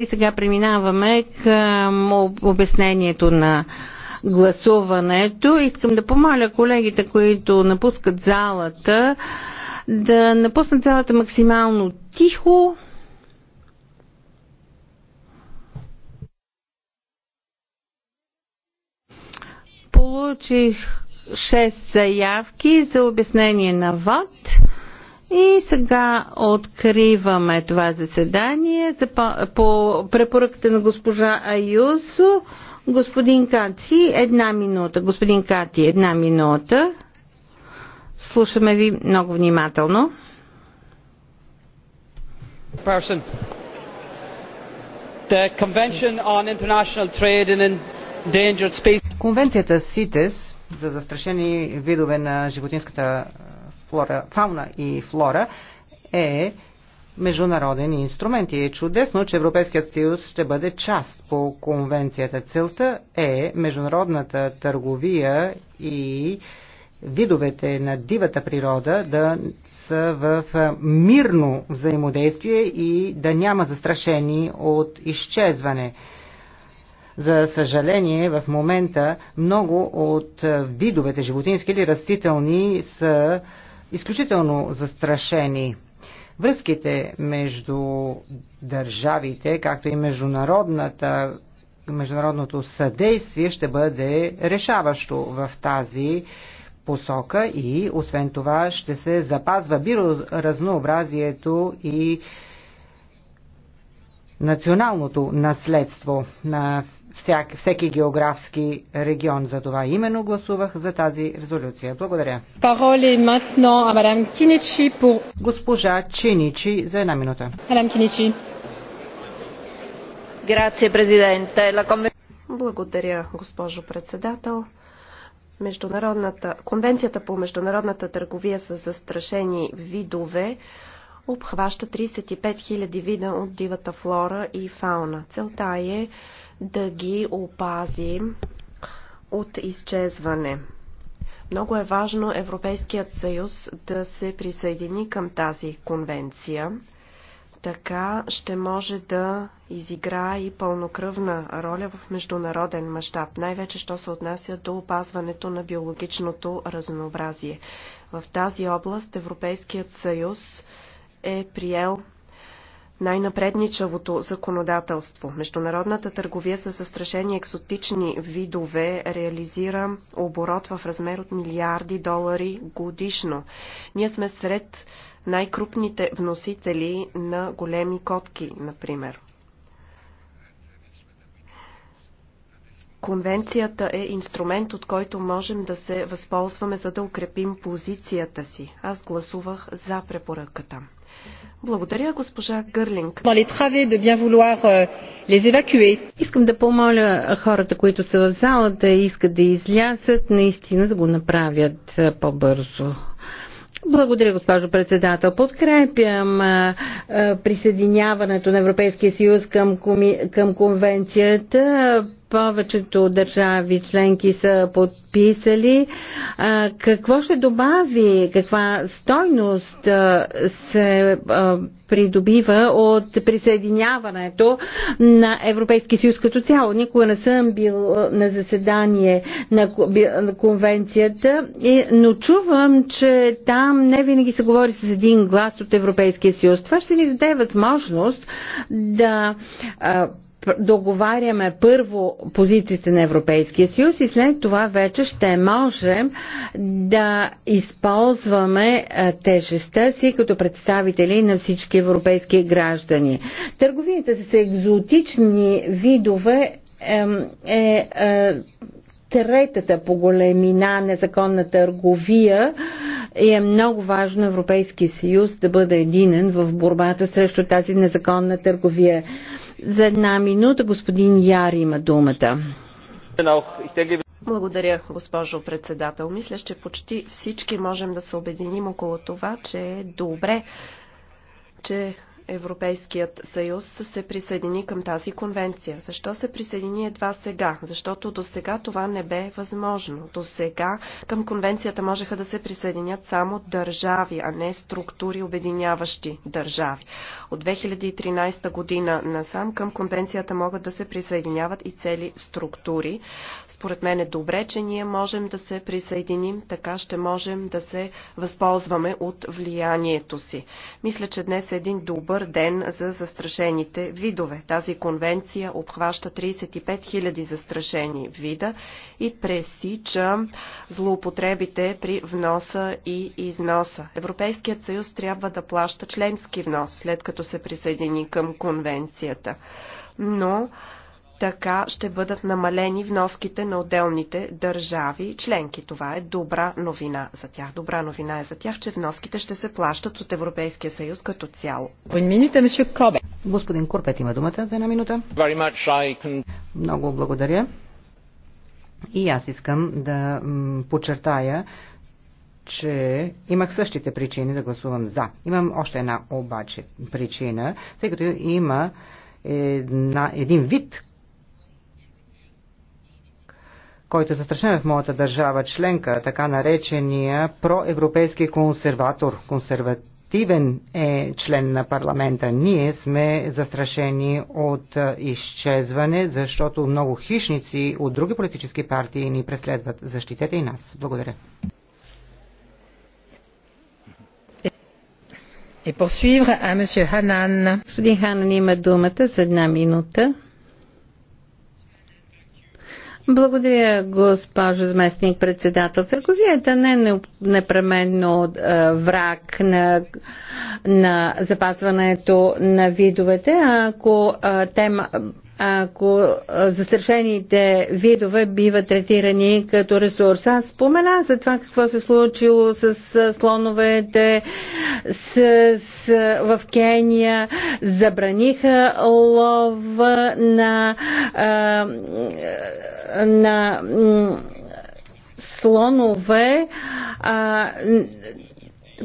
И сега преминаваме към обяснението на гласуването. Искам да помоля колегите, които напускат залата, да напуснат залата максимално тихо. Получих 6 заявки за обяснение на ВОД. И сега откриваме това заседание за по по препоръката на госпожа Аюсо. Господин Кати, една минута. Господин Кати, една минута. Слушаме ви много внимателно. Person. The Convention on International Trade in Endangered Species. Конвенцията СИТЕС за застрашени видове на животинската флора, фауна и флора е международен инструмент и е чудесно, че Европейският съюз ще бъде част по конвенцията. Целта е международната търговия и видовете на дивата природа да са в мирно взаимодействие и да няма застрашени от изчезване. За съжаление, в момента много от видовете животински или растителни са изключително застрашени. Връзките между държавите, както и международната международното съдействие ще бъде решаващо в тази посока и освен това ще се запазва биоразнообразието и националното наследство на всяк, всеки географски регион. За това именно гласувах за тази резолюция. Благодаря. Пароли матно е à Киничи по... Госпожа Чиничи за една минута. Мадам Киничи. Грация, президент. Благодаря, госпожо председател. Международната, Конвенцията по международната търговия с застрашени видове обхваща 35 000 вида от дивата флора и фауна. Целта е да ги опази от изчезване. Много е важно Европейският съюз да се присъедини към тази конвенция. Така ще може да изиграе и пълнокръвна роля в международен мащаб, най-вече що се отнася до опазването на биологичното разнообразие. В тази област Европейският съюз е приел най-напредничавото законодателство. Международната търговия с застрашени екзотични видове реализира оборот в размер от милиарди долари годишно. Ние сме сред най-крупните вносители на големи котки, например. Конвенцията е инструмент, от който можем да се възползваме, за да укрепим позицията си. Аз гласувах за препоръката. Благодаря, госпожа Гърлинг. Euh, Искам да помоля хората, които са в залата да искат да излязат, наистина да го направят по-бързо. Благодаря, госпожо председател. Подкрепям а, а, присъединяването на Европейския съюз към, коми, към конвенцията повечето държави членки са подписали. А, какво ще добави, каква стойност а, се а, придобива от присъединяването на Европейския съюз като цяло? Никога не съм бил на заседание на, на конвенцията, и, но чувам, че там не винаги се говори с един глас от Европейския съюз. Това ще ни даде възможност да а, договаряме първо позициите на Европейския съюз и след това вече ще можем да използваме тежестта си като представители на всички европейски граждани. Търговията с екзотични видове е, е, е третата по големина незаконна търговия и е много важно Европейския съюз да бъде единен в борбата срещу тази незаконна търговия. За една минута господин Яр има думата. Благодаря, госпожо председател. Мисля, че почти всички можем да се обединим около това, че е добре, че Европейският съюз се присъедини към тази конвенция. Защо се присъедини едва сега? Защото до сега това не бе възможно. До сега към конвенцията можеха да се присъединят само държави, а не структури, обединяващи държави. От 2013 година насам към конвенцията могат да се присъединяват и цели структури. Според мен е добре, че ние можем да се присъединим, така ще можем да се възползваме от влиянието си. Мисля, че днес е един добър добър ден за застрашените видове. Тази конвенция обхваща 35 000 застрашени вида и пресича злоупотребите при вноса и износа. Европейският съюз трябва да плаща членски внос, след като се присъедини към конвенцията. Но така ще бъдат намалени вноските на отделните държави членки. Това е добра новина за тях. Добра новина е за тях, че вноските ще се плащат от Европейския съюз като цяло. Господин Курпет има думата за една минута. Много благодаря. И аз искам да подчертая, че имах същите причини да гласувам за. Имам още една обаче причина, тъй като има една, един вид който е застрашен в моята държава членка, така наречения проевропейски консерватор, Консервативен е член на парламента. Ние сме застрашени от изчезване, защото много хищници от други политически партии ни преследват. Защитете и нас. Благодаря. И poursuivre à Господин Ханан има думата за една минута. Благодаря, госпожо заместник председател. Търговията не е непременно е, враг на, на запазването на видовете, ако е, тема ако застрашените видове биват третирани като ресурс. Аз спомена за това какво се случило с слоновете с, с, в Кения. Забраниха лова на, а, на слонове. А,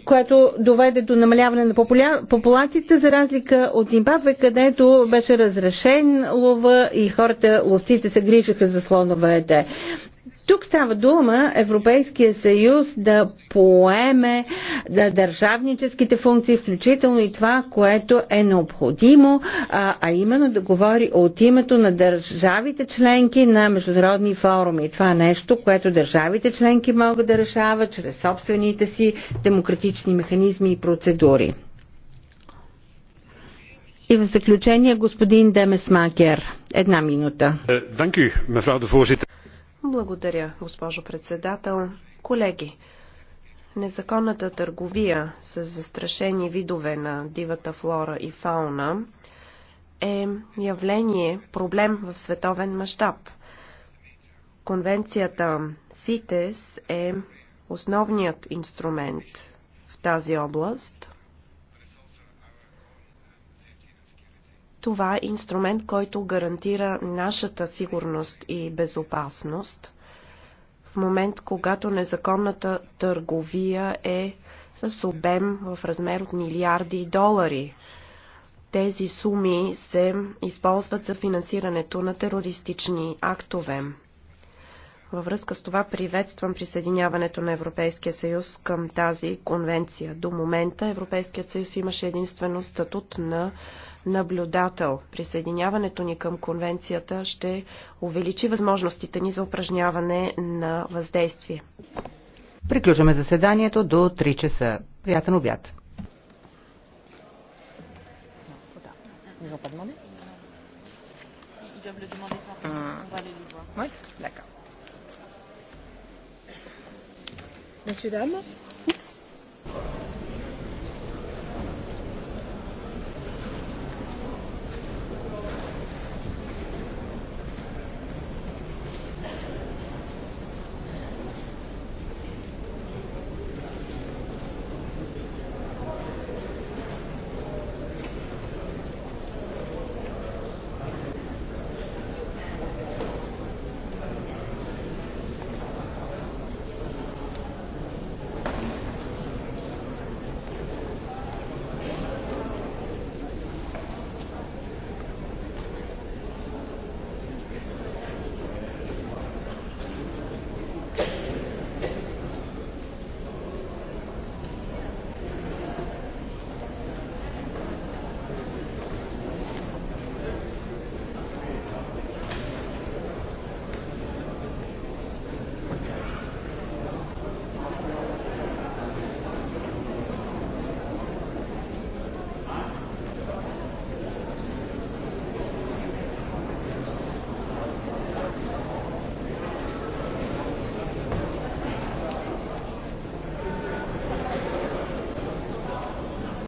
което доведе до намаляване на популя... популациите, за разлика от Зимбабве, където беше разрешен лова и хората, ловците се грижаха за слоновете. Тук става дума Европейския съюз да поеме да държавническите функции, включително и това, което е необходимо, а, а именно да говори от името на държавите членки на международни форуми. Това е нещо, което държавите членки могат да решават чрез собствените си демократични механизми и процедури. И в заключение господин Демес Макер. Една минута. Е, dank u, mevrouw благодаря, госпожо председател. Колеги, незаконната търговия с застрашени видове на дивата флора и фауна е явление, проблем в световен мащаб. Конвенцията СИТЕС е основният инструмент в тази област. Това е инструмент, който гарантира нашата сигурност и безопасност в момент, когато незаконната търговия е с обем в размер от милиарди долари. Тези суми се използват за финансирането на терористични актове. Във връзка с това приветствам присъединяването на Европейския съюз към тази конвенция. До момента Европейският съюз имаше единствено статут на наблюдател. Присъединяването ни към конвенцията ще увеличи възможностите ни за упражняване на въздействие. Приключваме заседанието до 3 часа. Приятен обяд! Mm. Messieurs, dames.